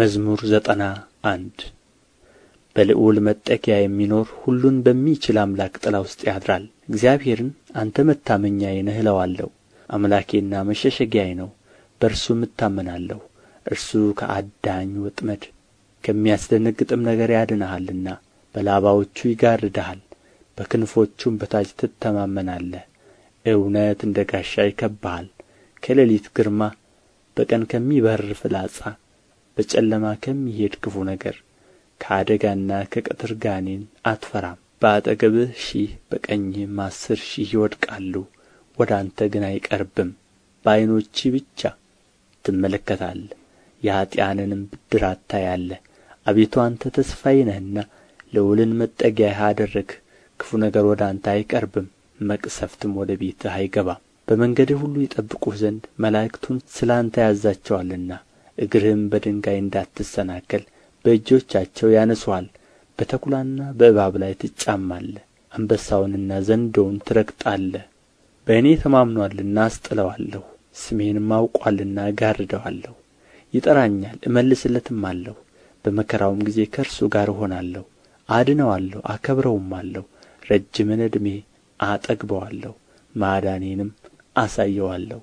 መዝሙር ዘጠና አንድ በልዑል መጠጊያ የሚኖር ሁሉን በሚችል አምላክ ጥላ ውስጥ ያድራል። እግዚአብሔርን አንተ መታመኛዬ ነህ እለዋለሁ። አምላኬና መሸሸጊያዬ ነው፣ በእርሱ እታመናለሁ። እርሱ ከአዳኝ ወጥመድ ከሚያስደነግጥም ነገር ያድንሃልና፣ በላባዎቹ ይጋርድሃል፣ በክንፎቹም በታች ትተማመናለህ። እውነት እንደ ጋሻ ይከብሃል፣ ከሌሊት ግርማ፣ በቀን ከሚበርር ፍላጻ በጨለማ ከሚሄድ ክፉ ነገር ከአደጋና ከቅጥር ጋኔን አትፈራም በአጠገብህ ሺህ በቀኝህም አሥር ሺህ ይወድቃሉ ወደ አንተ ግን አይቀርብም በዓይኖችህ ብቻ ትመለከታለህ የኃጥኣንንም ብድራት ታያለህ አቤቱ አንተ ተስፋዬ ነህና ልዑልን መጠጊያህ አደረግህ ክፉ ነገር ወደ አንተ አይቀርብም መቅሰፍትም ወደ ቤትህ አይገባም በመንገድህ ሁሉ ይጠብቁህ ዘንድ መላእክቱን ስለ አንተ ያዛቸዋልና እግርህም በድንጋይ እንዳትሰናከል በእጆቻቸው ያነሡሃል በተኵላና በእባብ ላይ ትጫማለህ አንበሳውንና ዘንዶውን ትረግጣለህ በእኔ ተማምኖአልና አስጥለዋለሁ ስሜንም አውቋልና እጋርደዋለሁ ይጠራኛል አለሁ በመከራውም ጊዜ ከእርሱ ጋር እሆናለሁ አድነዋለሁ አከብረውማለሁ ረጅምን ዕድሜ አጠግበዋለሁ ማዳኔንም አሳየዋለሁ